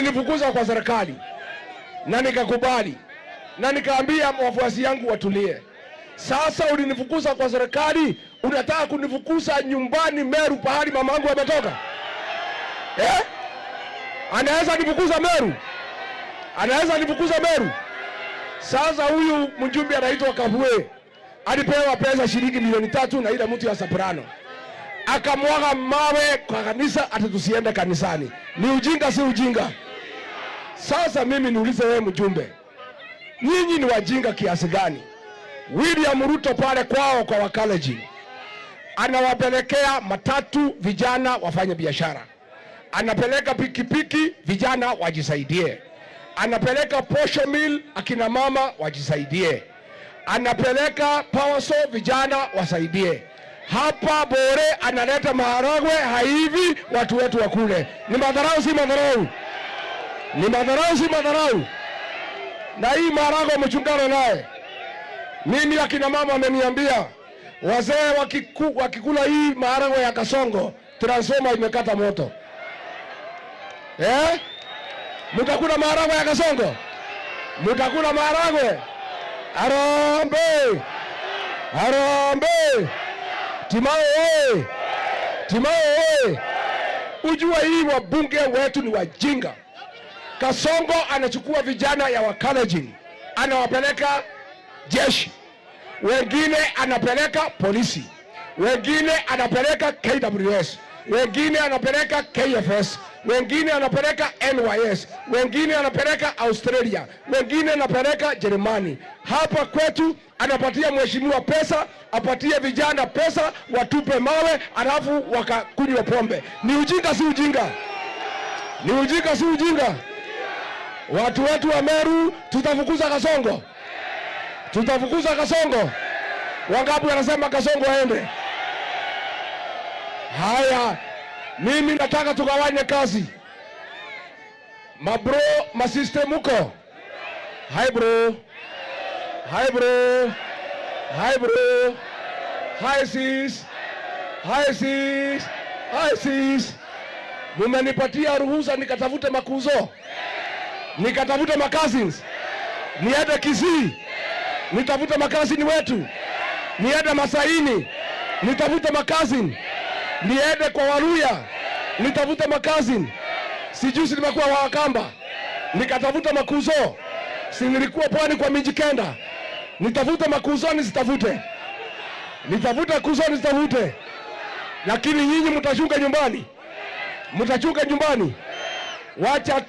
Nilifukuzwa kwa serikali na nikakubali na nikaambia wafuasi yangu watulie. Sasa ulinifukuza kwa serikali, unataka kunifukuza nyumbani Meru, pahali yangu ametoka eh? Anaweza nifukuza Meru? Anaweza nifukuza Meru? Sasa huyu mjumbe anaitwa Kabwe alipewa pesa shilingi milioni tatu na ile mtu ya Soprano akamwaga mawe kwa kanisa, atatusienda kanisani. Ni ujinga, si ujinga? Sasa mimi niulize wewe mjumbe, nyinyi ni wajinga kiasi gani? William Ruto pale kwao kwa wakaleji anawapelekea matatu vijana wafanye biashara, anapeleka pikipiki vijana wajisaidie, anapeleka posho mil akina mama wajisaidie, anapeleka pawaso vijana wasaidie. Hapa Bore analeta maharagwe haivi watu wetu wakule. Ni madharau, si madharau? Ni madharau, si madharau? Na hii Marago mchungano naye. Mimi akina mama wameniambia wazee wakiku, wakikula hii Marago ya Kasongo transformer imekata moto eh? Mtakula Marago ya Kasongo, mtakula Marago? Harambee, harambee! Timao oye! Timao oye! Ujua hii wabunge wetu ni wajinga. Kasongo anachukua vijana ya Wakalenjin anawapeleka jeshi, wengine anapeleka polisi, wengine anapeleka KWS, wengine anapeleka KFS, wengine anapeleka NYS, wengine anapeleka Australia, wengine anapeleka Jerumani. Hapa kwetu anapatia mheshimiwa pesa, apatie vijana pesa, watupe mawe alafu wakakunywa pombe. Ni ujinga si ujinga? Ni ujinga si ujinga? Watu wetu wa Meru tutafukuza Kasongo, tutafukuza Kasongo. Wangapi wanasema Kasongo aende? Haya, mimi nataka tugawanye kazi, mabro masiste, muko hai bro, hai bro, hai bro, hai sis, hai sis, hai sis, mumenipatia ruhusa nikatafute makuzo nikatafute makazi, niende Kisii nitafute makazi wetu, niende Masaini nitafute makazi, niende kwa Waluya nitafute makazi, sijui si nimekuwa Wakamba nikatafuta makuzo, si nilikuwa pwani kwa Mijikenda nitafute makuzo, nisitafute nitafute kuzo, nisitafute lakini nyinyi mtashuka nyumbani, mtachunga nyumbani, wacha